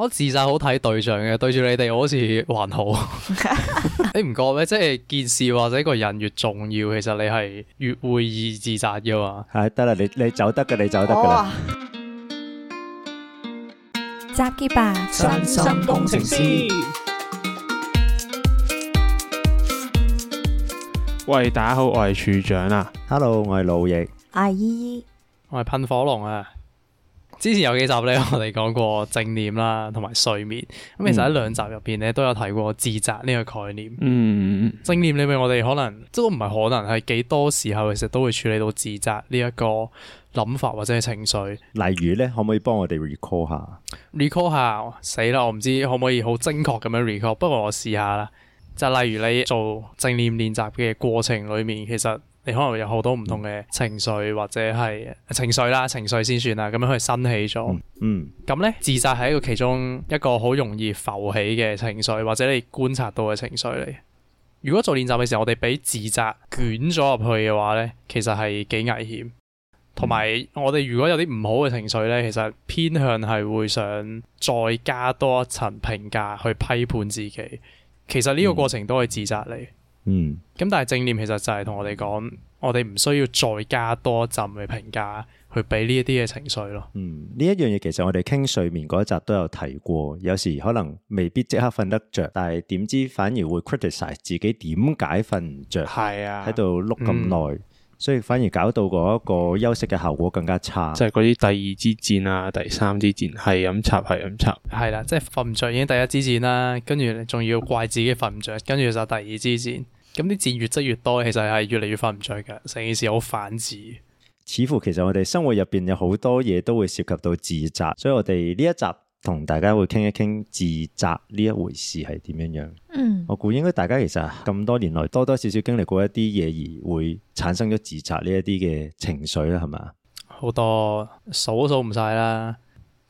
我自責好睇對象嘅，對住你哋我好似還好，你唔覺咩？即係件事或者個人越重要，其實你係越會易自責嘅。係得啦，你你走得嘅，你走得嘅啦。集結吧，身心工程師。喂，大家好，我係處長啊。Hello，我係老易。阿姨姨。我係噴火龍啊。之前有幾集咧，我哋講過正念啦，同埋睡眠。咁 其實喺兩集入邊咧，都有提過自責呢個概念。嗯， 正念裏面我哋可能，都唔係可能係幾多時候，其實都會處理到自責呢一個諗法或者係情緒。例如咧，可唔可以幫我哋 recall 下？recall 下，死啦！我唔知可唔可以好精確咁樣 recall，不過我試下啦。就係、例如你做正念練習嘅過程裏面，其實。你可能會有好多唔同嘅情緒或者係情緒啦，情緒先算啦，咁樣去生起咗，嗯。嗯，咁呢自責係一個其中一個好容易浮起嘅情緒，或者你觀察到嘅情緒嚟。如果做練習嘅時候，我哋俾自責捲咗入去嘅話呢，其實係幾危險。同埋我哋如果有啲唔好嘅情緒呢，其實偏向係會想再加多一層評價去批判自己。其實呢個過程都係自責嚟。嗯嗯，咁但係正念其實就係同我哋講，我哋唔需要再加多一浸去評價，去俾呢一啲嘅情緒咯。嗯，呢一樣嘢其實我哋傾睡眠嗰一集都有提過，有時可能未必即刻瞓得着，但係點知反而會 criticise 自己點解瞓唔着，係啊，喺度碌咁耐。所以反而搞到嗰一個休息嘅效果更加差，就係嗰啲第二支箭啊、第三支箭，係咁插，係咁插，係啦， 即係瞓唔着已經第一支箭啦，跟住仲要怪自己瞓唔着，跟住就第二支箭，咁啲箭越積越多，其實係越嚟越瞓唔着嘅，成件事好反智 。似乎其實我哋生活入邊有好多嘢都會涉及到自責，所以我哋呢一集，同大家會傾一傾自責呢一回事係點樣樣？嗯，我估應該大家其實咁多年來多多少少經歷過一啲嘢，而會產生咗自責呢一啲嘅情緒啦，係咪？好多數都數唔晒啦，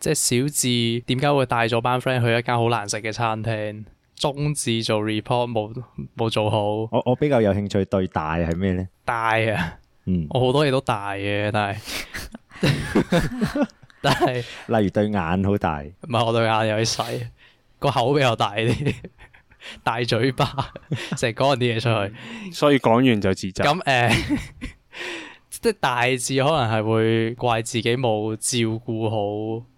即係小智點解會帶咗班 friend 去一間好難食嘅餐廳？中智做 report 冇冇做好？我我比較有興趣對大係咩呢？大啊，嗯，我好多嘢都大嘅，啊，但係。 但係，例如對眼好大，唔係我對眼有啲細，個口比較大啲， 大嘴巴成日講啲嘢出去，所以講完就自責。咁誒、嗯，即、哎、係 大致可能係會怪自己冇照顧好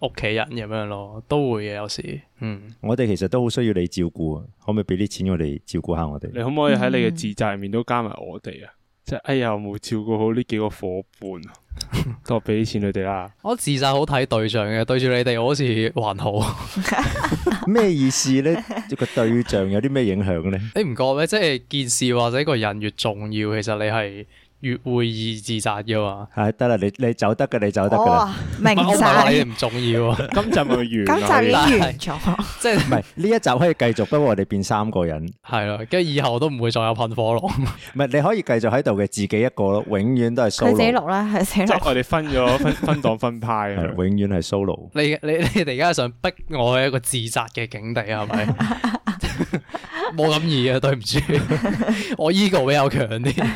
屋企人咁樣咯，都會嘅有時。嗯，我哋其實都好需要你照顧，可唔可以俾啲錢我哋照顧下我哋？你可唔可以喺你嘅自責入面都加埋我哋啊？即係、嗯、哎呀，冇照顧好呢幾個伙伴。多俾啲錢佢哋啦！我自細好睇對象嘅，對住你哋我好似還好。咩 意思呢？一、這個對象有啲咩影響呢？ 你唔覺咩？即係件事或者個人越重要，其實你係。越會議自責嘅喎，係得啦、啊，你你走得嘅，你走得嘅、哦啊，明曬。 你唔重要， 今集咪完，今集 是已完咗，即係唔係呢一集可以繼續？不過我哋變三個人，係咯，跟住以後都唔會再有噴火龍。唔 係你可以繼續喺度嘅，自己一個永遠都係 solo。 自己錄啦，係啊， 即係我哋分咗分分，分黨分派， 永遠係 solo 。你你你哋而家想逼我去一個自責嘅境地係咪？是冇咁易啊！對唔住， 我依個比較強啲，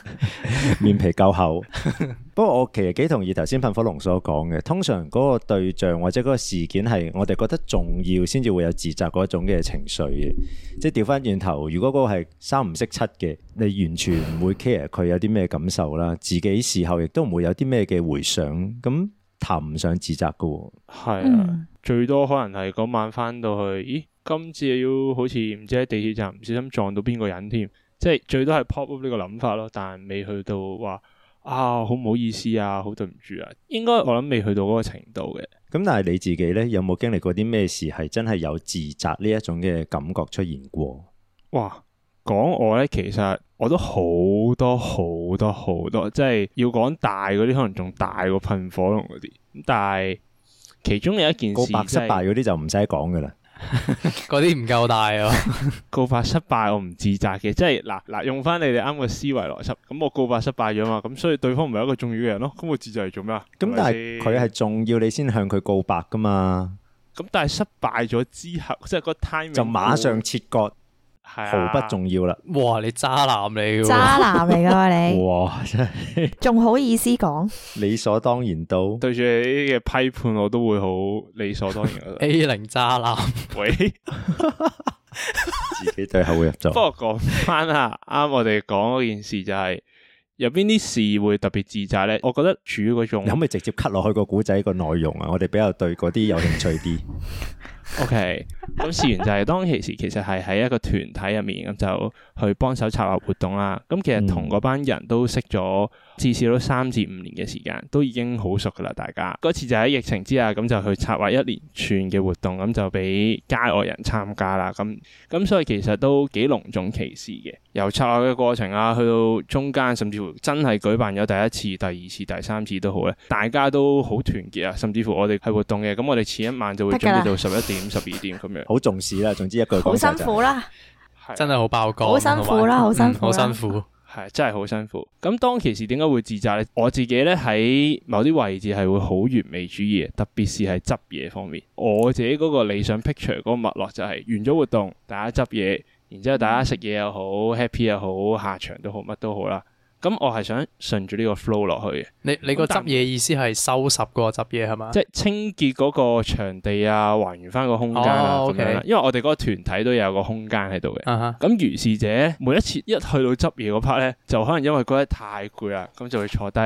面皮夠厚。 不過我其實幾同意頭先噴火龍所講嘅，通常嗰個對象或者嗰個事件係我哋覺得重要先至會有自責嗰種嘅情緒嘅。即係調翻轉頭，如果嗰個係三唔識七嘅，你完全唔會 care 佢有啲咩感受啦，自己事後亦都唔會有啲咩嘅回想，咁談唔上自責嘅喎。係啊，嗯、最多可能係嗰晚翻到去，咦？今次要好似唔知喺地鐵站唔小心撞到邊個人添，即係最多係 pop up 呢個諗法咯，但係未去到話啊好唔好意思啊，好對唔住啊。應該我諗未去到嗰個程度嘅。咁但係你自己呢，有冇經歷過啲咩事係真係有自責呢一種嘅感覺出現過？哇，講我呢，其實我都好多好多好多，好多，即係要講大嗰啲，可能仲大過噴火龍嗰啲。但係其中有一件事，就是，個白失敗嗰啲就唔使講㗎喇。嗰啲唔夠大啊！告白失敗我唔自責嘅， 即係嗱嗱用翻你哋啱嘅思維邏輯，咁我告白失敗咗嘛，咁所以對方唔係一個重要嘅人咯，咁我自責嚟做咩啊？咁但係佢係重要，你先向佢告白噶嘛？咁但係失敗咗之後， 即係個 timing 就馬上切割。啊、毫不重要啦！哇，你渣男嚟噶、啊？渣男嚟噶、啊、你？哇，真係仲 好意思講？理所當然到對住你嘅批判，我都會好理所當然。 A 零渣男，喂， 自己最後會入座！ 不過講翻啊，啱我哋講嗰件事就係有邊啲事會特別自責咧。我覺得處於嗰種，可唔可以直接 cut 落去、個古仔個內容啊？我哋比較對嗰啲有興趣啲。 OK，咁事完就係當其時，其實係喺一個團體入面，咁就去幫手策劃活動啦。咁其實同嗰班人都識咗。至少都三至五年嘅時間，都已經好熟噶啦，大家嗰次就喺疫情之下，咁就去策劃一連串嘅活動，咁就俾街外人參加啦。咁咁所以其實都幾隆重其事嘅，由策劃嘅過程啊，去到中間，甚至乎真係舉辦咗第一次、第二次、第三次都好咧，大家都好團結啊。甚至乎我哋係活動嘅，咁我哋前一晚就會準備到十一點、十二點咁樣，好重視啦。總之一句好、就是、辛苦啦，真係好爆肝，好辛苦啦，好且辛苦，好、 嗯、辛苦。 係、嗯、真係好辛苦。咁當其時點解會自責咧？我自己呢，喺某啲位置係會好完美主義嘅，特別是係執嘢方面。我自己嗰個理想 picture 嗰個脈絡就係、是、完咗活動，大家執嘢，然之後大家食嘢又好，happy 又好，下場都好，乜都好啦。咁我係想順住呢個 flow 落去嘅。你你個執嘢意思係收拾個執嘢係嘛？即係清潔嗰個場地啊，還原翻個空間啦咁樣，因為我哋嗰個團體都有個空間喺度嘅。咁、uh huh. 如是者，每一次一去到執嘢嗰 part 咧，就可能因為覺得太攰啦，咁就會坐低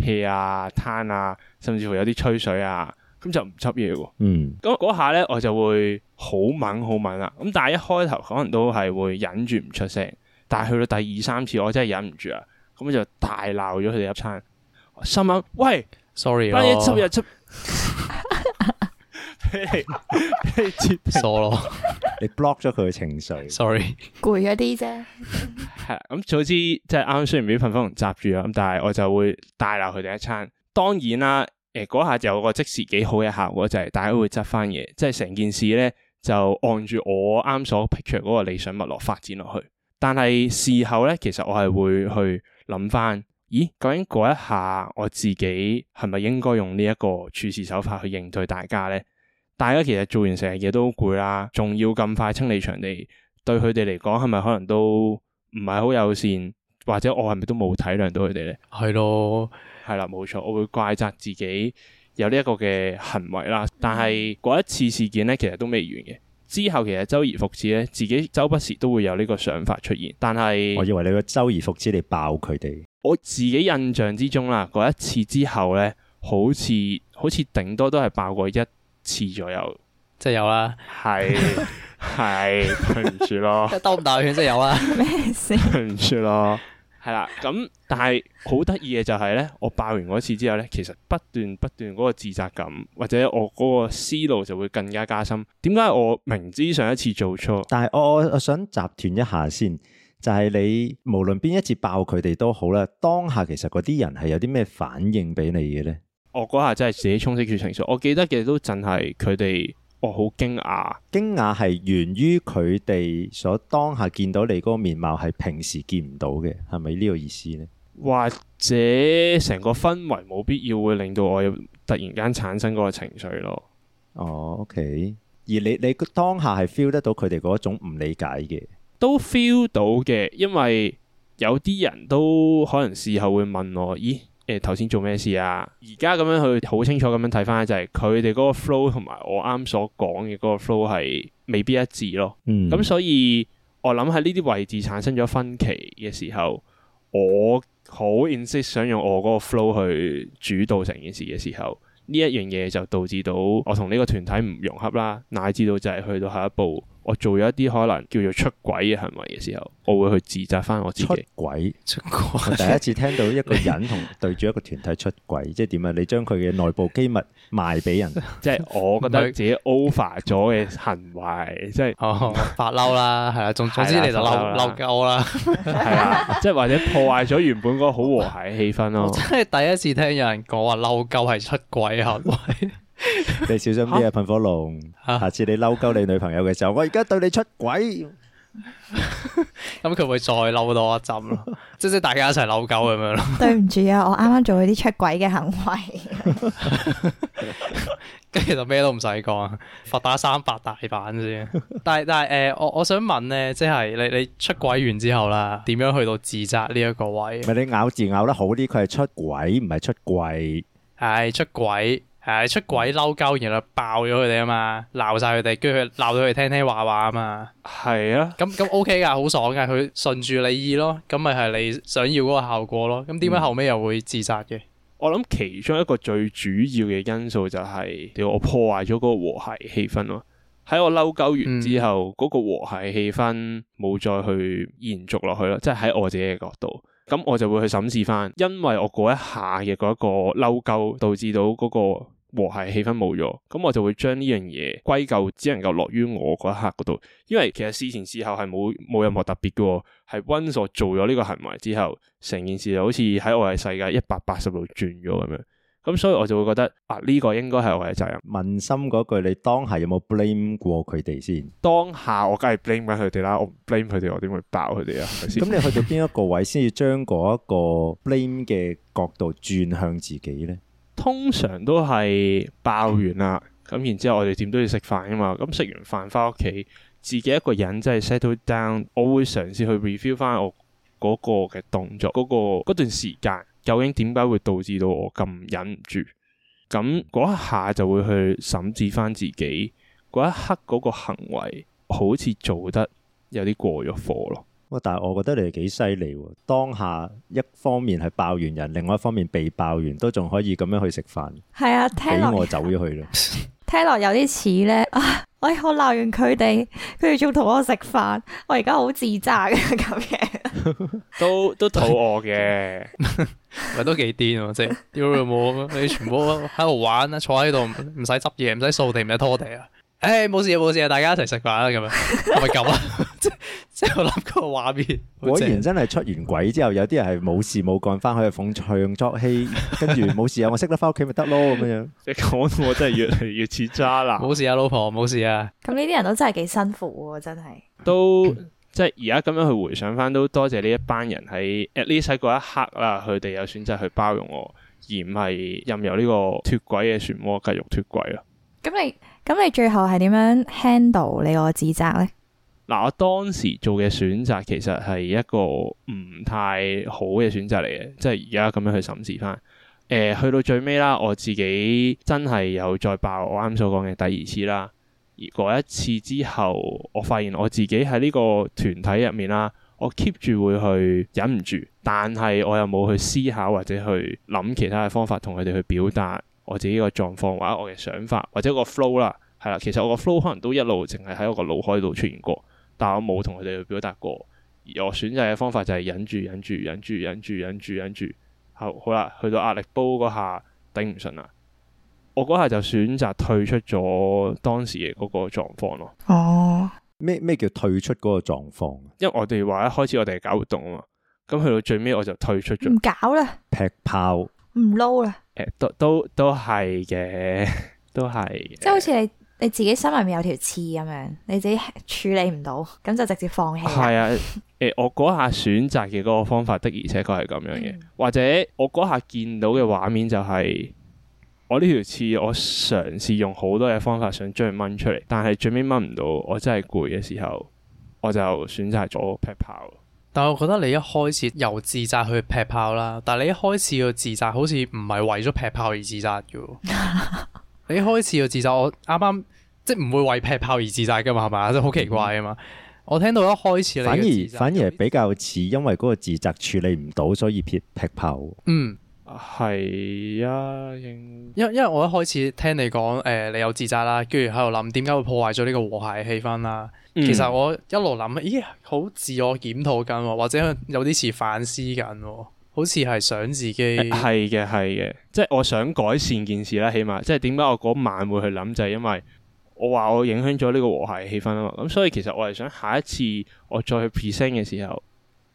hea 啊、攤啊，甚至乎有啲吹水啊，咁就唔執嘢喎。嗯。咁嗰下咧，我就會好猛好猛啦。咁但係一開頭可能都係會忍住唔出聲，但係去到第二三次，我真係忍唔住啦。咁我就大鬧咗佢哋一餐，心諗喂，sorry，關於出日出，我 你節疏咯，你 block 咗佢嘅情緒，sorry，攰一啲啫、 嗯，係咁早知即係啱啱雖然俾噴風夾住啦，咁但係我就會大鬧佢哋一餐。當然啦，誒嗰下就有個即時幾好嘅效果就係、是、大家會執翻嘢，即係成件事咧就按住我啱所 picture 嗰個理想脈絡發展落去。但係事後咧，其實我係會去。諗翻，咦？究竟嗰一下我自己係咪應該用呢一個處事手法去應對大家呢？大家其實做完成日嘢，都攰啦，仲要咁快清理場地，對佢哋嚟講係咪可能都唔係好友善？或者我係咪都冇體諒到佢哋呢？係咯，係啦，冇錯，我會怪責自己有呢一個嘅行為啦。但係嗰一次事件呢，其實都未完嘅。之後其實周而復始咧，自己周不時都會有呢個想法出現，但係我認為你個周而復始你爆佢哋，我自己印象之中啦，嗰一次之後咧，好似好似頂多都係爆過一次左右，即係有啦、啊，係係對唔住咯，打唔 打拳即係有啦、啊，咩意思？對唔住咯。係啦，咁但係好得意嘅就係咧，我爆完嗰次之後咧，其實不斷不斷嗰個自責感，或者我嗰個思路就會更加加深。點解我明知上一次做錯？但係我我想集團一下先，就係、是、你無論邊一次爆佢哋都好啦，當下其實嗰啲人係有啲咩反應俾你嘅咧？我嗰下真係自己充斥住情緒，我記得其實都淨係佢哋。好驚訝，驚訝係源於佢哋所當下見到你嗰個面貌係平時見唔到嘅，係咪呢個意思呢？或者成個氛圍冇必要會令到我有突然間產生嗰個情緒咯。哦，OK。而你你當下係 feel 得到佢哋嗰種唔理解嘅，都 feel 到嘅，因為有啲人都可能事後會問我：「咦？」誒頭先做咩事啊？而家咁樣去好清楚咁樣睇返，就係佢哋嗰個 flow 同埋我啱所講嘅嗰個 flow 係未必一致咯。咁、嗯、所以，我諗喺呢啲位置產生咗分歧嘅時候，我好 insist 想用我嗰個 flow 去主導成件事嘅時候，呢一樣嘢就導致到我同呢個團體唔融洽啦，乃至到就係去到下一步。我做咗一啲可能叫做出軌嘅行為嘅時候，我會去自責翻我自己。出出軌，我第一次聽到一個人同對住一個團體出軌， 即係點啊？你將佢嘅內部機密賣俾人， 即係我覺得自己 over 咗嘅行為，即係、 哦、發嬲啦，係啦、啊，總之你就嬲嬲夠啦，即係或者破壞咗原本嗰個好和諧嘅氣氛咯。即係 第一次聽有人講話嬲夠係出軌嘅行為。 你小心啲啊！噴火龍，下次你嬲鳩你女朋友嘅時候，我而家對你出軌，咁佢會再嬲多一陣咯，即係即係大家一齊嬲鳩咁樣咯。對唔住啊，我啱啱做咗啲出軌嘅行為，跟住就咩都唔使講，罰打三百大板先。但係但係誒，我我想問咧，即係你你出軌完之後啦，點樣去到自責呢一個位？咪你咬字咬得好啲，佢係出軌唔係出櫃係出軌。係出軌嬲鳩，然後爆咗佢哋啊嘛，鬧晒佢哋，跟住鬧到佢聽聽話話是啊嘛。係啊、OK，咁咁 O K 噶，好爽噶，佢順住你意咯，咁咪係你想要嗰個效果咯。咁點解後尾又會自責嘅、嗯？我諗其中一個最主要嘅因素就係我破壞咗嗰個和諧氣氛咯。喺我嬲鳩完之後，嗰、嗯、個和諧氣氛冇再去延續落去咯。即係喺我自己嘅角度，咁我就會去審視翻，因為我嗰一下嘅嗰一個嬲鳩導致到嗰、那個。和諧氣氛冇咗，咁我就會將呢樣嘢歸咎只能夠落於我嗰一刻嗰度，因為其實事前事後係冇冇任何特別嘅，係 once 我做咗呢個行為之後，成件事就好似喺我嘅世界一百八十度轉咗咁樣，咁所以我就會覺得啊呢、這個應該係我嘅責任。問心嗰句，你當下有冇 blame 過佢哋先？當下我梗係 blame 翻佢哋啦，我 blame 佢哋，我點會爆佢哋啊？咁 你去到邊一個位先至將嗰一個 blame 嘅角度轉向自己咧？通常都係爆完啦，咁然之後我哋點都要食飯㗎嘛，咁、嗯、食完飯翻屋企，自己一個人真係 settle down，我會嘗試去 review 翻我嗰個嘅動作，嗰、嗰個嗰段時間究竟點解會導致到我咁忍唔住，咁、嗯、嗰一下就會去審視翻自己嗰一刻嗰個行為，好似做得有啲過咗火咯。哇！但係我覺得你哋幾犀利，當下一方面係爆完人，另外一方面被爆完都仲可以咁樣去食飯，係啊，俾我走咗去咯。聽落有啲似咧啊！喂、哎，我鬧完佢哋，佢哋仲同我食飯，我而家好自責啊！咁樣 都都肚餓嘅，咪 都幾癲啊！即係屌你冇，你全部喺度玩啊，坐喺度唔使執嘢，唔使掃地，唔使拖地啊！誒，冇、欸、事啊，冇事啊，大家一齊食飯啦，咁樣咪咁啦！即即、啊 就是、我諗個畫面，果然真係出完軌之後，有啲人係冇事冇幹，翻去又逢場作戲，跟住冇事啊，我識得翻屋企咪得咯，咁樣。即講 我真係越嚟越似渣啦！冇 事啊，老婆，冇事啊。咁呢啲人都真係幾辛苦，真係。都、嗯、即係而家咁樣去回想翻，都多謝呢一班人喺 at least 嗰一刻啦，佢哋有選擇去包容我，而唔係任由呢個脫軌嘅漩渦繼續脫軌咯。咁你？咁你最後係點樣 handle 你個自責呢？嗱，啊，我當時做嘅選擇其實係一個唔太好嘅選擇嚟嘅，即係而家咁樣去審視翻。去到最尾啦，我自己真係有再爆，我啱所講嘅第二次啦。嗰一次之後，我發現我自己喺呢個團體入面啦，我 keep 住會去忍唔住，但係我又冇去思考或者去諗其他嘅方法同佢哋去表達。我自己個狀況或者我嘅想法或者個 flow 啦，係啦，其實我個 flow 可能都一路淨係喺我個腦海度出現過，但我冇同佢哋去表達過。而我選擇嘅方法就係忍住、忍住、忍住、忍住、忍住、忍住，好，好啦，去到壓力煲嗰下頂唔順啦，我嗰下就選擇退出咗當時嘅嗰個狀況咯。哦，咩咩叫退出嗰個狀況？因為我哋話一開始我哋係搞活動啊嘛，咁去到最尾我就退出咗，唔搞啦，劈炮。唔撈啦，誒、欸，都都都係嘅，都係，都都即係好似你你自己心入面有條刺咁樣，你自己處理唔到，咁就直接放棄啦。係啊，欸、我嗰下選擇嘅嗰個方法的，確的，而且確係咁樣嘅，或者我嗰下見到嘅畫面就係我呢條刺，我嘗試用好多嘅方法想將佢掹出嚟，但係最尾掹唔到，我真係攰嘅時候，我就選擇咗劈炮。但係我覺得你一開始由自責去劈炮啦，但係你一開始個自責好似唔係為咗劈炮而自責嘅。 你一開始個自責，我啱啱即係唔會為劈炮而自責㗎嘛，係咪？即係好奇怪啊嘛。嗯、我聽到一開始你反而反而係比較似因為嗰個自責處理唔到，所以撇劈炮。嗯。係啊，因因為我一開始聽你講，誒、呃，你有自責啦，跟住喺度諗點解會破壞咗呢個和諧氣氛啦，啊。嗯、其實我一路諗，咦，好自我檢討緊，或者有啲似反思緊，好似係想自己，係嘅，呃，係嘅，即係我想改善件事啦，起碼即係點解我嗰晚會去諗，就係、是、因為我話我影響咗呢個和諧氣氛啊嘛。咁所以其實我係想下一次我再去 present 嘅時候，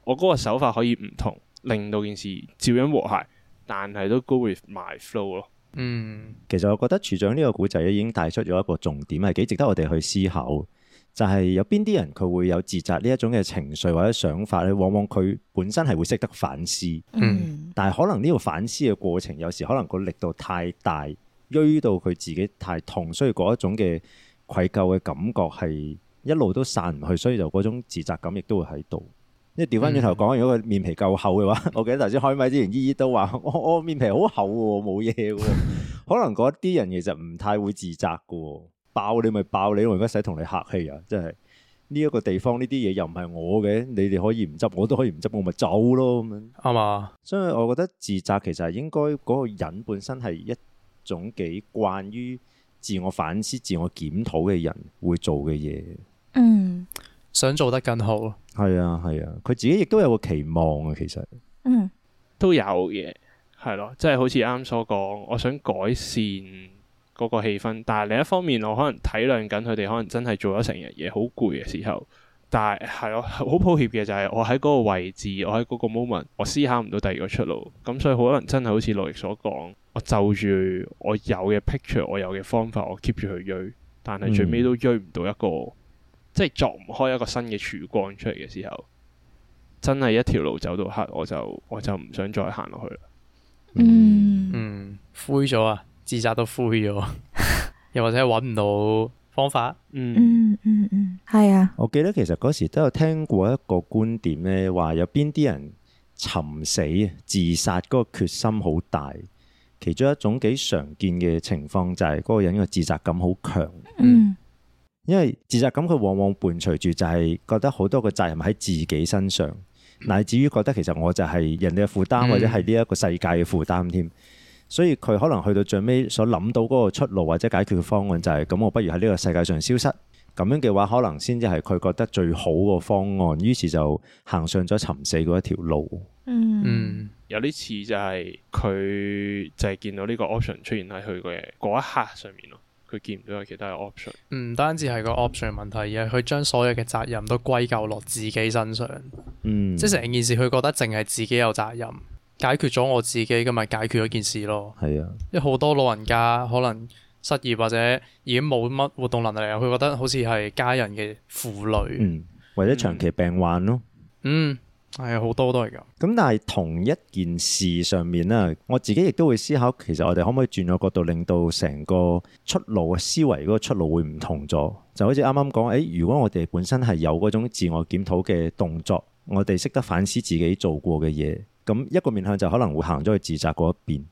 我嗰個手法可以唔同，令到件事照樣和諧。但係都 go with my flow 咯。嗯， 其實我覺得處長呢個古仔已經帶出咗一個重點，係幾值得我哋去思考。就係有邊啲人佢會有自責呢一種嘅情緒或者想法咧，往往佢本身係會識得反思。嗯，但係可能呢個反思嘅過程，有時可能個力度太大，淤到佢自己太痛，所以嗰一種嘅愧疚嘅感覺係一路都散唔去，所以就嗰種自責感亦都會喺度。即係調翻轉頭講，如果個面皮夠厚嘅話，嗯、 我記得頭先開咪之前，姨姨都話我我面皮好厚，冇嘢嘅。 可能嗰啲人其實唔太會自責嘅，爆你咪爆你，我而家使同你客氣啊！真係呢一個地方，呢啲嘢又唔係我嘅，你哋可以唔執，我都可以唔執，我咪走咯咁樣，係嘛吧？所以我覺得自責其實係應該嗰個人本身係一種幾慣於自我反思、自我檢討嘅人會做嘅嘢。嗯。想做得更好咯。係啊係啊，佢自己亦都有個期望啊，其實，嗯，都有嘅。係咯，即係好似啱啱所講，我想改善嗰個氣氛，但係另一方面，我可能體諒緊佢哋，可能真係做咗成日嘢，好攰嘅時候，但係，係我好抱歉嘅，就係我喺嗰個位置，我喺嗰個 moment，我思考唔到第二個出路，咁所以可能真係好似羅亦所講，我就住我有嘅 picture，我有嘅方法，我 keep 住去追，但係最尾都追唔到一個。嗯即係鑿唔開一個新嘅曙光出嚟嘅時候，真係一條路走到黑，我就我就唔想再行落去啦。嗯嗯，嗯，灰咗啊，自責都灰咗， 又或者揾唔到方法。嗯嗯嗯嗯，係啊。我記得其實嗰時都有聽過一個觀點咧，話有邊啲人尋死自殺嗰個決心好大，其中一種幾常見嘅情況就係嗰個人個自責感好強。嗯。因為自責感佢往往伴隨住就係、是、覺得好多嘅責任喺自己身上，乃至於覺得其實我就係人哋嘅負擔，或者係呢一個世界嘅負擔添。嗯、所以佢可能去到最尾所諗到嗰個出路或者解決嘅方案就係、是、咁，我不如喺呢個世界上消失。咁樣嘅話，可能先至係佢覺得最好嘅方案。於是就行上咗尋死嗰一條路。嗯，嗯、有啲似就係佢就係見到呢個 option 出現喺佢嘅嗰一刻上面咯。佢見唔到有其他嘅 option，唔、嗯、單止係個 option 問題，而係佢將所有嘅責任都歸咎落自己身上。嗯，即係成件事佢覺得淨係自己有責任，解決咗我自己，咁咪解決咗件事咯。係啊，因為好多老人家可能失業或者已經冇乜活動能力啊，佢覺得好似係家人嘅負累。嗯，或者長期病患咯。嗯。嗯係啊，好多都係咁。咁但係同一件事上面咧，我自己亦都會思考，其實我哋可唔可以轉個角度，令到成個出路、思維嗰個出路會唔同咗？就好似啱啱講，誒，如果我哋本身係有嗰種自我檢討嘅動作，我哋識得反思自己做過嘅嘢，咁一個面向就可能會行咗去自責嗰一邊。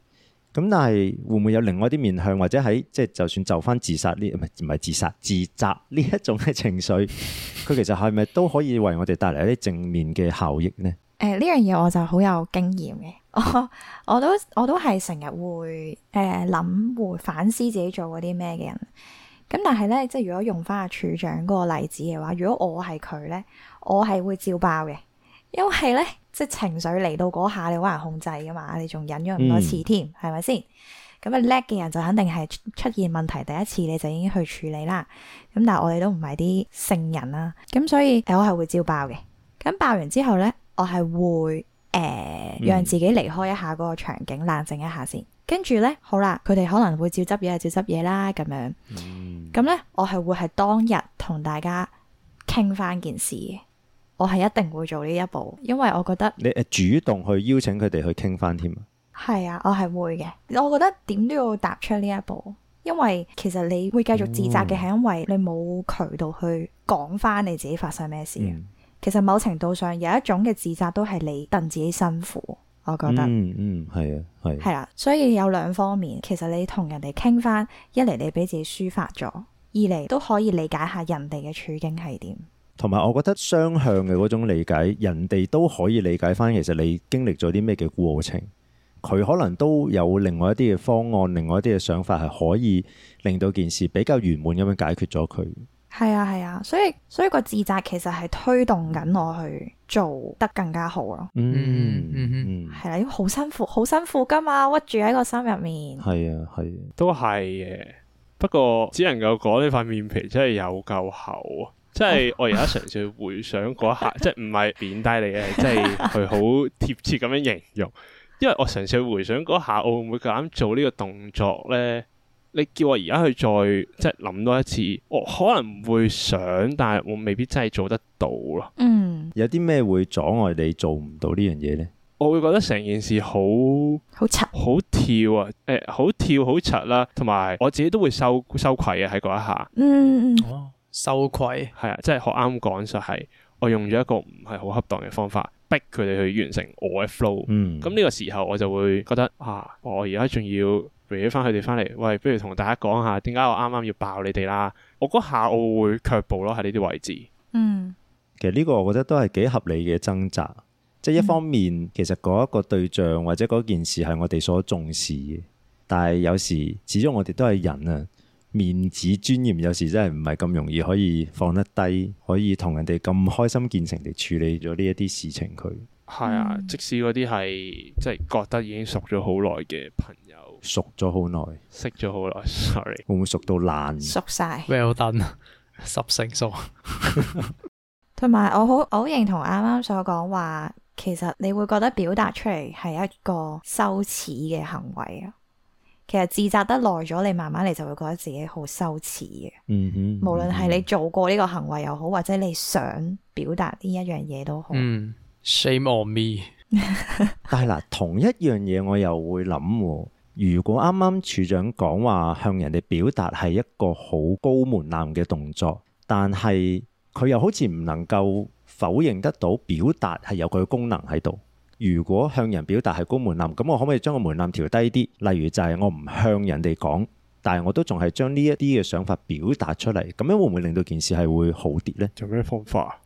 咁但係會唔會有另外一啲面向，或者喺即係就算就翻自殺呢？唔係唔係自殺自責呢一種嘅情緒，佢其實係咪都可以為我哋帶嚟一啲正面嘅效益呢？誒呢樣嘢我就好有經驗嘅，我我都我都係成日會誒諗、呃、會反思自己做過啲咩嘅人。咁但係咧，即係如果用翻阿處長嗰個例子嘅話，如果我係佢咧，我係會照爆嘅，因為咧。即係情緒嚟到嗰下，你好難控制噶嘛？你仲忍咗咁多次添，係咪先？咁啊叻嘅人就肯定係出現問題，第一次你就已經去處理啦。咁但係我哋都唔係啲聖人啦，啊，咁所以我係會照爆嘅。咁爆完之後咧，我係會誒、呃、讓自己離開一下嗰個場景，冷靜一下先。跟住咧，好啦，佢哋可能會照執嘢，就照執嘢啦咁樣。咁咧、嗯，我係會係當日同大家傾翻件事嘅。我係一定會做呢一步，因為我覺得你主動去邀請佢哋去傾翻添。係啊，我係會嘅。我覺得點都要踏出呢一步，因為其實你會繼續自責嘅係因為你冇渠道去講翻你自己發生咩事。嗯、其實某程度上有一種嘅自責都係你戥自己辛苦。我覺得，嗯嗯，係、嗯、啊，係。係啦，所以有兩方面，其實你同人哋傾翻，一嚟你俾自己抒發咗，二嚟都可以理解下人哋嘅處境係點。同埋，我覺得雙向嘅嗰種理解，人哋都可以理解返。其實你經歷咗啲咩嘅過程，佢可能都有另外一啲嘅方案，另外一啲嘅想法，係可以令到件事比較圓滿咁樣解決咗佢。係啊，係啊，所以所以個自責其實係推動緊我去做得更加好咯、嗯。嗯嗯嗯，係啊，因為好辛苦，好辛苦噶嘛，屈住喺個心入面。係啊，係啊，都係嘅。不過只能夠講呢塊面皮真係有夠厚啊！即係我而家純粹回想嗰一下， 即係唔係貶低你嘅， 即係佢好貼切咁樣形容。因為我純粹回想嗰一下，我會唔會夠膽做呢個動作咧？你叫我而家去再即係諗多一次，我可能會想，但係我未必真係做得到咯。嗯，有啲咩會阻礙你做唔到呢樣嘢咧？我會覺得成件事好好柒，好齊跳啊，誒、呃，好跳好柒啦，同埋我自己都會收受，受愧嘅喺嗰一下。嗯。哦收規係啊，即係學啱講就係，我用咗一個唔係好恰當嘅方法逼佢哋去完成我嘅 flow、嗯。咁呢個時候我就會覺得啊，我而家仲要 bring 翻佢哋翻嚟，喂，不如同大家講下點解我啱啱要爆你哋啦？我嗰下我會卻步咯，喺呢啲位置。嗯，其實呢個我覺得都係幾合理嘅掙扎。即係一方面，嗯、其實嗰一個對象或者嗰件事係我哋所重視嘅，但係有時始終我哋都係人啊。面子尊嚴有時真係唔係咁容易可以放得低，可以同人哋咁開心見誠地處理咗呢一啲事情。佢係啊，即使嗰啲係即係覺得已經熟咗好耐嘅朋友，熟咗好耐，識咗好耐，sorry，會唔會熟到爛？熟晒了，well done，十成熟。同 埋 我好我好認同啱啱所講話，其實你會覺得表達出嚟係一個羞恥嘅行為啊。其實自責得耐咗，你慢慢嚟就會覺得自己好羞恥嘅。Mm hmm. 無論係你做過呢個行為又好，或者你想表達呢一樣嘢都好。Mm. Shame on me。 但係嗱，同一樣嘢我又會諗，如果啱啱處長講話向人哋表達係一個好高門檻嘅動作，但係佢又好似唔能夠否認得到表達係有佢嘅功能喺度。如果向人表達係高門檻，咁我可唔可以將個門檻調低啲？例如就係我唔向人哋講，但係我都仲係將呢一啲嘅想法表達出嚟，咁樣會唔會令到件事係會好啲呢？仲有咩方法？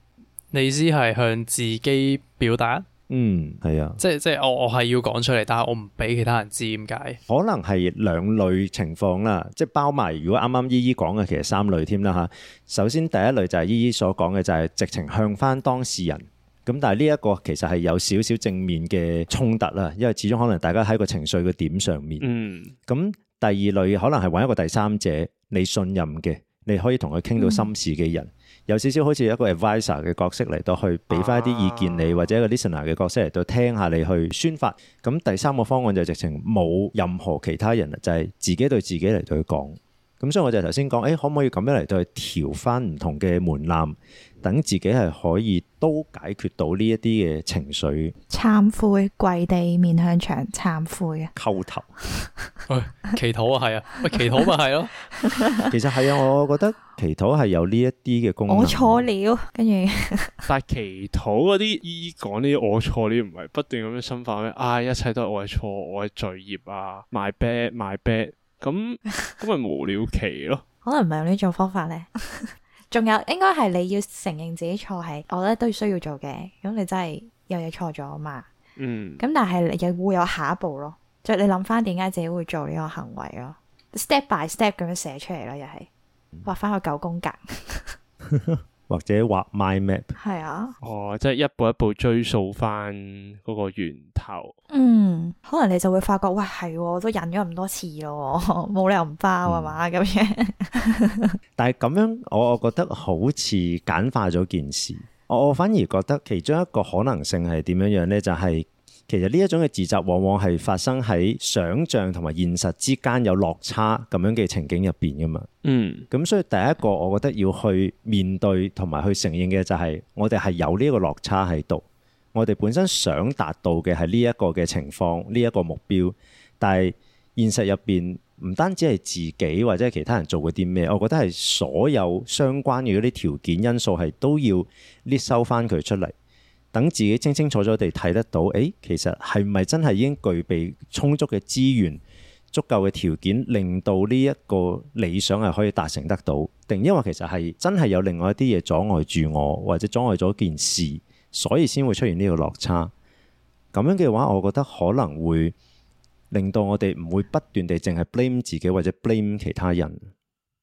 你意思係向自己表達？嗯，係啊，即係即係我我係要講出嚟，但係我唔俾其他人知點解？可能係兩類情況啦，即係包埋如果啱啱姨姨講嘅其實三類添啦嚇。首先第一類就係姨姨所講嘅，就係、是、直情向翻當事人。咁但係呢一個其實係有少少正面嘅衝突啦，因為始終可能大家喺個情緒嘅點上面。咁、嗯、第二類可能係搵一個第三者你信任嘅，你可以同佢傾到心事嘅人，嗯、有少少好似一個 adviser 嘅角色嚟到去俾翻一啲意見你，啊、或者一個 listener 嘅角色嚟到聽下你去宣發。咁第三個方案就直情冇任何其他人，就係、是、自己對自己嚟到去講。咁、嗯、所以我就頭先講，誒、哎、可唔可以咁樣嚟到去調翻唔同嘅門檻，等自己係可以都解決到呢一啲嘅情緒。懺悔跪地面向牆，懺悔頭、 哎、啊！叩頭、啊哎，祈禱啊，係啊，喂祈禱咪係咯，其實係啊，我覺得祈禱係有呢一啲嘅功能。我錯了，跟住 。但係祈禱嗰啲講啲我錯你唔係不斷咁樣深化咩？啊，一切都係我嘅錯，我嘅罪孽啊，my b a 咁都咪無聊期咯， 可能唔係用呢種方法咧。仲 有應該係你要承認自己錯，係我覺得都需要做嘅。如果你真係有嘢錯咗嘛，嗯，咁但係又會有下一步咯。即係你諗翻點解自己會做呢個行為咯？step by step 咁樣寫出嚟咯，又係畫翻個九宮格。 或者畫 mind map，係啊，哦，即係一步一步追溯翻嗰個源頭。嗯，可能你就會發覺，喂，係，我都忍咗咁多次咯，冇理由唔包啊嘛，咁樣。但係咁樣，我我覺得好似簡化咗件事。我我反而覺得其中一個可能性係點樣樣咧，就係、是。其實呢一種嘅自責，往往係發生喺想象同埋現實之間有落差咁樣嘅情景入邊噶嘛。嗯。咁所以第一個，我覺得要去面對同埋去承認嘅就係，我哋係有呢個落差喺度。我哋本身想達到嘅係呢一個嘅情況，呢一個目標，但係現實入邊唔單止係自己或者係其他人做過啲咩，我覺得係所有相關嘅嗰啲條件因素係都要拎收翻佢出嚟。等自己清清楚楚地睇得到，誒、欸，其實，係咪真係已經具備充足嘅資源、足夠嘅條件，令到呢一個理想係可以達成得到？定因為其實，係真係有另外一啲嘢阻礙住我，或者阻礙咗件事，所以先會出現呢個落差。咁樣嘅話，我覺得可能會令到我哋唔會不斷地淨係 blame 自己或者 blame 其他人。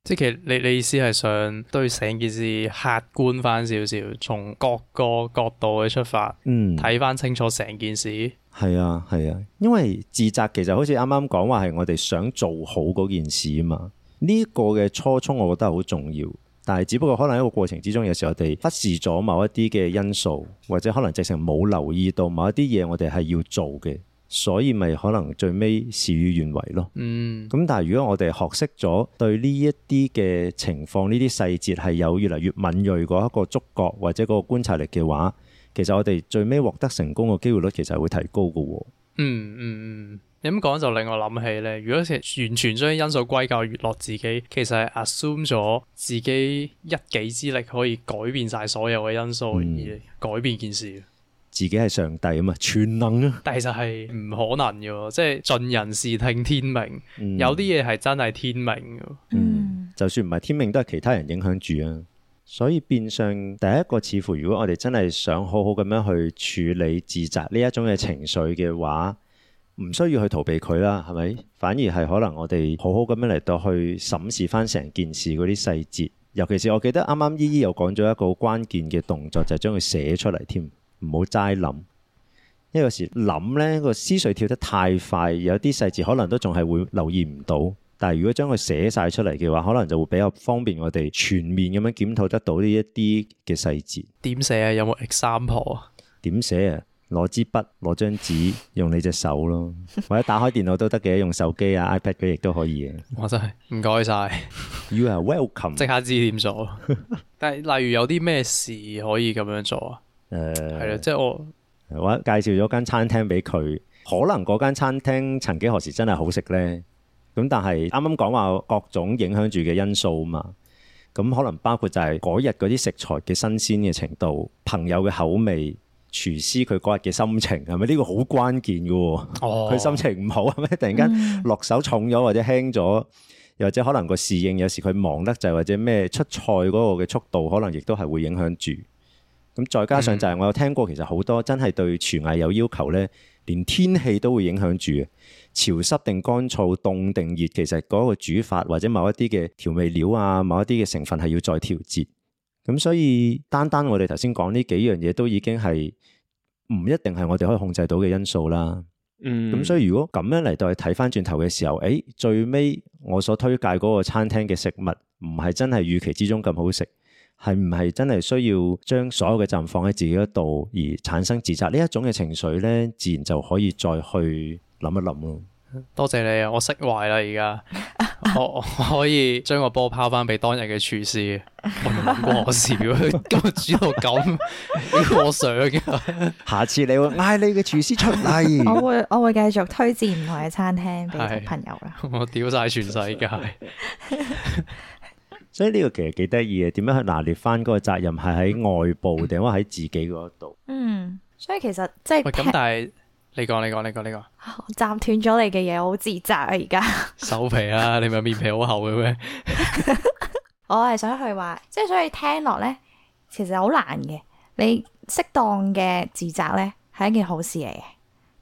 即係，你你意思係想對成件事客觀翻少少，從各個角度去出發，嗯、睇翻清楚成件事。係啊，係啊，因為自責其實好似啱啱講話係我哋想做好嗰件事啊嘛。呢、呢個嘅初衷，我覺得係好重要。但係只不過可能喺個過程之中，有時我哋忽視咗某一啲嘅因素，或者可能直情冇留意到某一啲嘢，我哋係要做嘅。所以咪可能最尾事與願違咯。嗯。咁但係如果我哋學識咗對呢一啲嘅情況、呢啲細節係有越嚟越敏鋭嗰一個觸覺或者嗰個觀察力嘅話，其實我哋最尾獲得成功嘅機會率其實係會提高嘅。嗯嗯嗯。你咁講就令我諗起咧，如果完全將因素歸咎於落自己，其實係 assume 咗自己一己之力可以改變晒所有嘅因素而改變件事。嗯自己係上帝啊嘛，全能啊，但其實係唔可能嘅，即係盡人事，聽天命。嗯、有啲嘢係真係天命，嗯，就算唔係天命，都係其他人影響住啊。所以變相第一個似乎，如果我哋真係想好好咁樣去處理自責呢一種嘅情緒嘅話，唔需要去逃避佢啦，係咪？反而係可能我哋好好咁樣嚟到去審視翻成件事嗰啲細節，尤其是我記得啱啱依依又講咗一個關鍵嘅動作，就係、是、將佢寫出嚟添。唔好齋諗，因為有時諗呢個思緒跳得太快，有啲細節可能都仲係會留意唔到。但係如果將佢寫晒出嚟嘅話，可能就會比較方便我哋全面咁樣檢討得到呢一啲嘅細節。點寫啊？有冇 example 啊？點寫啊？攞支筆，攞張紙，用你隻手咯， 或者打開電腦都得嘅，用手機啊 iPad 嗰啲亦都可以嘅。 我真係唔該晒。You are welcome。即刻知點做？ 但係例如有啲咩事可以咁樣做啊？誒，係啦、嗯，即係我話介紹咗間餐廳俾佢，可能嗰間餐廳曾幾何時真係好食咧，咁但係啱啱講話各種影響住嘅因素嘛，咁可能包括就係嗰日嗰啲食材嘅新鮮嘅程度，朋友嘅口味，廚師佢嗰日嘅心情係咪？呢個好關鍵噶，哦，佢 心情唔好係咪？突然間落手重咗或者輕咗，又、嗯、或者可能個侍應有時佢忙得滯，或者咩出菜嗰個嘅速度，可能亦都係會影響住。咁再加上就係我有聽過其實好多真係對廚藝有要求咧，連天氣都會影響住，潮濕定乾燥，凍定熱，其實嗰個煮法或者某一啲嘅調味料啊、某一啲嘅成分係要再調節。咁所以單單我哋頭先講呢幾樣嘢都已經係唔一定係我哋可以控制到嘅因素啦。嗯。咁所以如果咁樣嚟到去睇翻轉頭嘅時候，誒最尾我所推介嗰個餐廳嘅食物，唔係真係預期之中咁好食。係唔係真係需要將所有嘅責任放喺自己嗰度而產生自責呢一種嘅情緒咧，自然就可以再去諗一諗咯。多謝你啊，我釋懷啦，而家 我，我可以將個波拋翻俾當日嘅廚師。我，過我笑，今日煮到咁，我想，下次你會嗌你嘅廚師出嚟。 我會，我會繼續推薦唔同嘅餐廳俾朋友啦。我屌晒全世界。 所以呢個其實幾得意嘅，點樣去拿捏翻嗰個責任係喺外部定係喺自己嗰度？嗯，所以其實即係咁，但係你講你講你講你講，斬斷咗你嘅嘢，我好自責啊！而家手皮啊，你咪面皮好厚嘅咩？ 我係想去話，即係所以聽落呢，其實好難嘅。你適當嘅自責呢，係一件好事嚟嘅。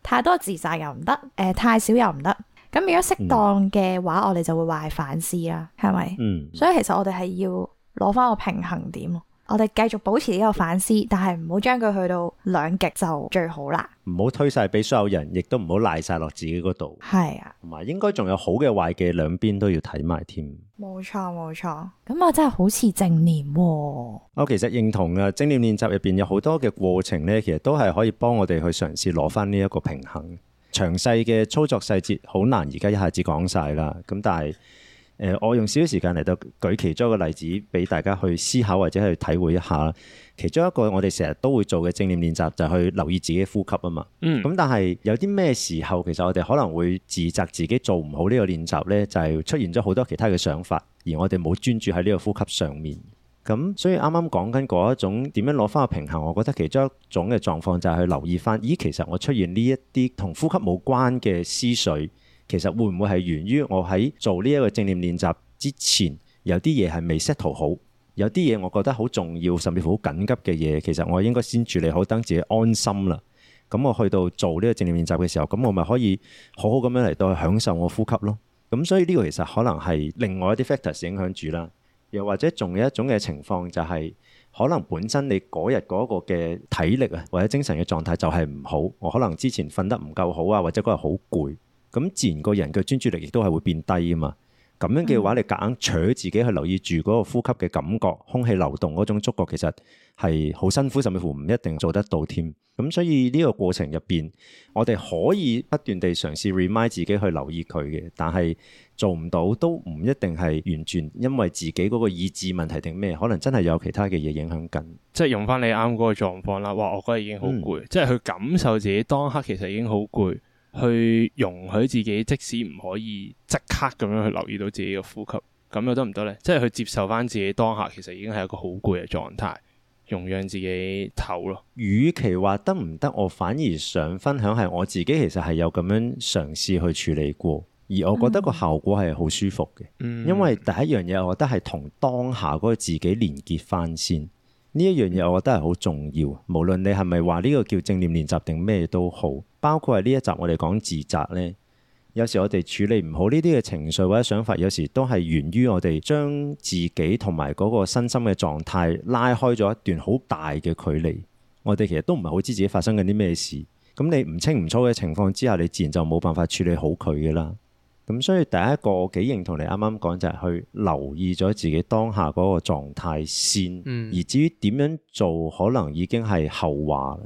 太多自責又唔得，誒，太少又唔得。咁如果適當嘅話，嗯、我哋就會話係反思啦，係咪？嗯、所以其實我哋係要攞翻個平衡點，我哋繼續保持呢個反思，但係唔好將佢去到兩極就最好啦。唔好推晒俾所有人，亦都唔好賴晒落自己嗰度。係啊，同埋應該仲有好嘅、壞嘅兩邊都要睇埋添。冇錯，冇錯。咁啊，真係好似正念喎。我、哦、其實認同嘅正念練習入邊有好多嘅過程呢，其實都係可以幫我哋去嘗試攞翻呢一個平衡。詳細嘅操作細節好難，而家一下子講晒啦。咁但係，呃，我用少少時間嚟到舉其中一個例子，俾大家去思考或者去體會一下。其中一個我哋成日都會做嘅正念練習，就係去留意自己呼吸啊嘛。嗯。咁但係有啲咩時候，其實我哋可能會自責自己做唔好呢個練習呢？就係、是、出現咗好多其他嘅想法，而我哋冇專注喺呢個呼吸上面。咁、嗯、所以啱啱講緊嗰一種點樣攞翻個平衡，我覺得其中一種嘅狀況就係去留意翻，咦，其實我出現呢一啲同呼吸冇關嘅思緒，其實會唔會係源於我喺做呢一個正念練習之前有啲嘢係未 settle 好，好有啲嘢我覺得好重要，甚至乎好緊急嘅嘢，其實我應該先處理好，等自己安心啦。咁我去到做呢個正念練習嘅時候，咁我咪可以好好咁樣嚟到享受我呼吸咯。咁所以呢個其實可能係另外一啲 factors 影響住啦。又或者仲有一種嘅情況，就係可能本身你嗰日嗰個嘅體力啊，或者精神嘅狀態就係唔好，我可能之前瞓得唔夠好啊，或者嗰日好攰，咁自然個人嘅專注力亦都係會變低啊嘛。咁樣嘅話，嗯、你夾硬取自己去留意住嗰個呼吸嘅感覺、空氣流動嗰種觸覺，其實係好辛苦，甚至乎唔一定做得到添。咁所以呢個過程入邊，我哋可以不斷地嘗試 remind 自己去留意佢嘅，但係做唔到都唔一定係完全，因為自己嗰個意志問題定咩？可能真係有其他嘅嘢影響緊。即係用翻你啱嗰個狀況啦。哇！我覺得已經好攰，嗯、即係去感受自己當刻其實已經好攰。去容許自己，即使唔可以即刻咁樣去留意到自己嘅呼吸，咁又得唔得呢？即係去接受翻自己當下，其實已經係一個好攰嘅狀態，容讓自己唞咯。與其話得唔得，我反而想分享係我自己，其實係有咁樣嘗試去處理過，而我覺得個效果係好舒服嘅。嗯、因為第一樣嘢，我覺得係同當下嗰個自己連結翻先。呢一樣嘢，我覺得係好重要。無論你係咪話呢個叫正念練習定咩都好，包括係呢一集我哋講自責呢，有時我哋處理唔好呢啲嘅情緒或者想法，有時都係源於我哋將自己同埋嗰個身心嘅狀態拉開咗一段好大嘅距離。我哋其實都唔係好知自己發生緊啲咩事。咁你唔清唔楚嘅情況之下，你自然就冇辦法處理好佢嘅啦。咁所以第一個我幾認同你啱啱講就係、是、去留意咗自己當下嗰個狀態先，嗯、而至於點樣做，可能已經係後話啦。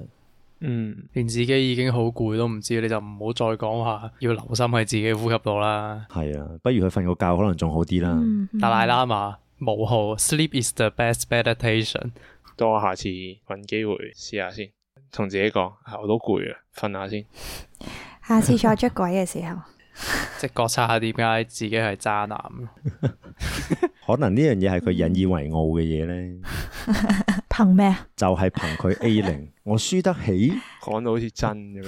嗯，連自己已經好攰都唔知，你就唔好再講話要留心喺自己呼吸度啦。係啊，不如去瞓個覺，可能仲好啲啦。達賴喇嘛，冇好。Sleep is the best meditation。到我下次揾機會試下先，同自己講：我都攰啦，瞓下先。下次再出軌嘅時候。 即係覺察下點解自己係渣男， 可能呢樣嘢係佢引以為傲嘅嘢呢？憑咩 麼？就係憑佢 A 零， 我輸得起，講到好似真咁。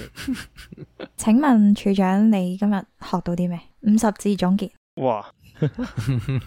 請問處長，你今日學到啲咩？五十字總結。哇，誒、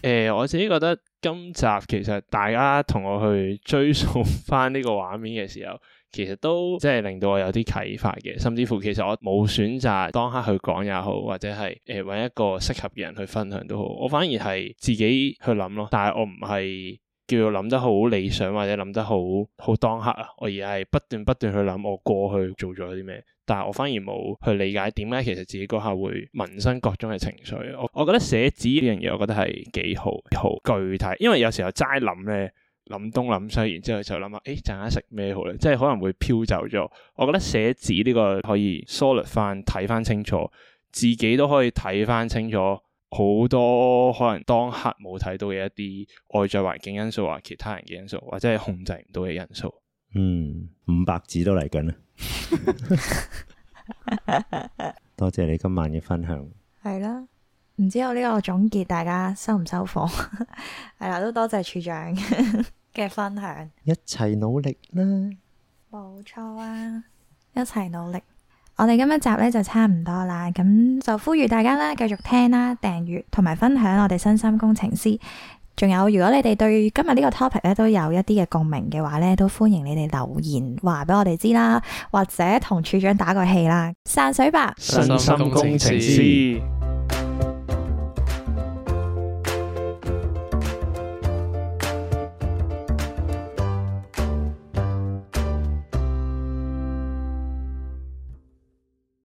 呃，我自己覺得今集其實大家同我去追溯翻呢個畫面嘅時候。其實都即係令到我有啲啟發嘅，甚至乎其實我冇選擇當刻去講也好，或者係誒搵一個適合嘅人去分享都好，我反而係自己去諗咯。但係我唔係叫做諗得好理想或者諗得好好當刻啊，我而係不斷不斷去諗我過去做咗啲咩。但係我反而冇去理解點解其實自己嗰刻會萌生各種嘅情緒。我我覺得寫紙呢樣嘢，我覺得係幾好，好具體，因為有時候齋諗咧。諗東諗西，然之後就諗下，誒，陣間食咩好咧？即係可能會飄走咗。我覺得寫字呢個可以梳理翻，睇翻清楚，自己都可以睇翻清楚好多可能當刻冇睇到嘅一啲外在環境因素啊，其他人嘅因素，或者係控制唔到嘅因素。嗯，五百字都嚟緊啦。 多謝你今晚嘅分享。係啦，啊，唔知我呢個總結大家收唔收貨？係 啦，啊，都多謝處長。 嘅分享，一齊努力啦！冇錯啊，一齊努力。 我哋今日集咧就差唔多啦，咁就呼籲大家啦，繼續聽啦，訂閱同埋分享我哋《身心工程師》。仲有，如果你哋對今日呢個 topic 咧都有一啲嘅共鳴嘅話咧，都歡迎你哋留言話俾我哋知啦，或者同處長打個氣啦，散水吧《身心工程師》。